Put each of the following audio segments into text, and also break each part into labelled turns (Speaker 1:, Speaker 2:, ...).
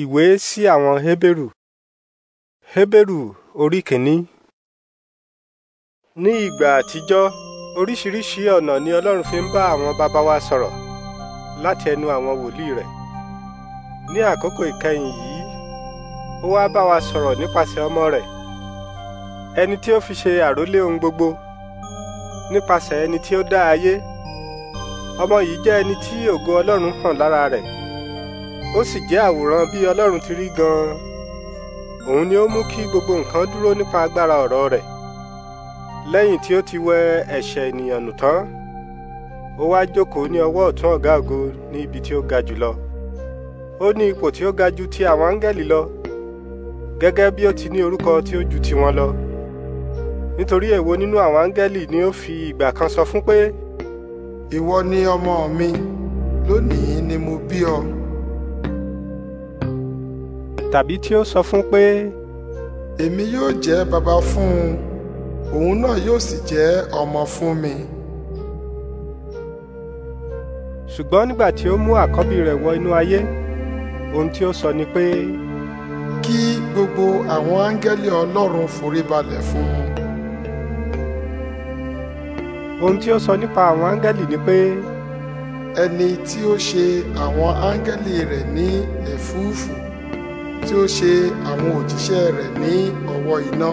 Speaker 1: Ìwé sí àwọn Hébérù Hébérù orí kìíní. Ní ìgbà àtijọ́, oríṣiríṣi ọ̀nà ni Ọlọ́run fi ń bá àwọn bàbá wa sọ̀rọ̀ láti ẹnu àwọn wòlíì rẹ̀. Ní àkókò ìkẹyìn yìí, ó wá bá wa sọ̀rọ̀ nípasẹ̀ ọmọ rẹ̀, ẹni tí ó fi ṣe àrólé ohun gbogbo, nípasẹ̀ ẹni tí ó dá ayé. Ọmọ yìí jẹ́ ẹni tí ògo Ọlọ́run hàn lára rẹ̀ ó sì jẹ́ àwòrán bí Ọlọ́run ti rí gan-an òun ni ó mú kí gbogbo nǹkan dúró nípa agbára ọ̀rọ̀ rẹ̀ lẹ́yìn tí ó ti wẹ ẹ̀ṣẹ̀ ènìyàn nù tán ó wá jókòó ní ọwọ́ ọ̀tún ọ̀gá ògo ní ibi tí ó ga jùlọ ó ní ipò tí ó ga ju ti àwọn áńgẹ́lì lọ gẹ́gẹ́ bí ó ti ní orúkọ tí ó ju tiwọn lọ nítorí èwo nínú àwọn áńgẹ́lì ni ó fi ìgbà kan sọ fún pé. ìwọ ni ọmọ mi lónìí ni mo bí ọ
Speaker 2: tàbí tí ó sọ fún pé. èmi yóò jẹ́ baba fún un òun náà yóò sì jẹ́ ọmọ fún mi.
Speaker 1: ṣùgbọ́n nígbà tí ó mú àkọ́bí rẹ̀ wọ inú ayé ohun tí ó sọ ni pé. kí gbogbo àwọn áńgẹ́lì ọlọ́run foríbalẹ̀ fún un. ohun tí ó sọ nípa àwọn áńgẹ́lì ni
Speaker 2: pé. ẹni tí ó ṣe àwọn áńgẹ́lì rẹ̀ ní ẹ̀fúùfù tí ó ṣe àwọn òjíṣẹ́ rẹ̀ ní ọ̀wọ́ iná.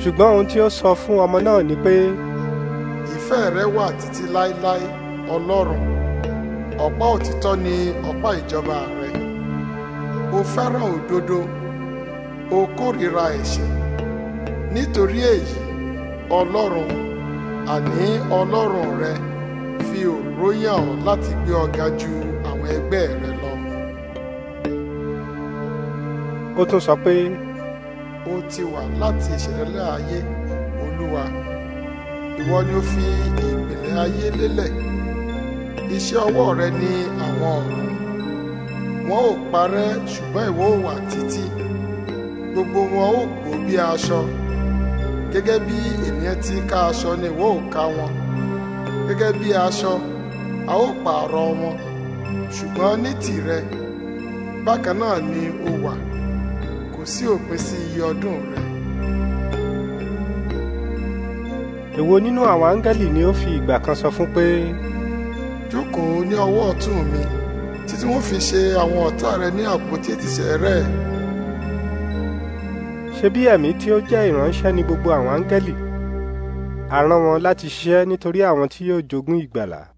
Speaker 1: ṣùgbọ́n ohun tí ó sọ fún ọmọ náà ni pé.
Speaker 2: ìfẹ́ rẹ wà títí láéláé ọlọ́run ọ̀pá òtítọ́ ni ọ̀pá ìjọba rẹ o fẹ́ràn òdodo o kórìíra ẹ̀ṣẹ̀ nítorí èyí ọlọ́run àní ọlọ́run rẹ fi òróró yàn ọ́ láti gbé ọ ga jù àwọn ẹgbẹ́ rẹ lọ ó tún sọ pé. ó ti wà láti ìṣẹ̀dálẹ̀ ayé olúwa ìwọ ni ó fi ìpìlẹ̀ ayé lélẹ̀ iṣẹ́ ọwọ́ rẹ ní àwọn ọ̀run wọn ò parẹ́ ṣùgbọ́n ìwọ ò wà títí gbogbo wọn ò gbó bí aṣọ gẹ́gẹ́ bí ènìyàn ti ká aṣọ ni ìwọ ò ká wọn gẹ́gẹ́ bí aṣọ a ó pààrọ̀ wọn ṣùgbọ́n ní tìrẹ bákan náà ni ó wà kò sí òpin sí iye ọdún rẹ. èwo nínú àwọn áńgẹ́lì ni ó fi ìgbà kan sọ fún pé. jókòó ní ọwọ́ ọ̀tún mi títí wọ́n fi ṣe àwọn ọ̀tá rẹ ní àpótí ìtìsẹ̀ rẹ.
Speaker 1: ṣebí ẹ̀mí tí ó jẹ́ ìránṣẹ́ ní gbogbo àwọn áńgẹ́lì a rán wọn láti ṣiṣẹ́ nítorí àwọn tí yóò jogún ìgbàlà.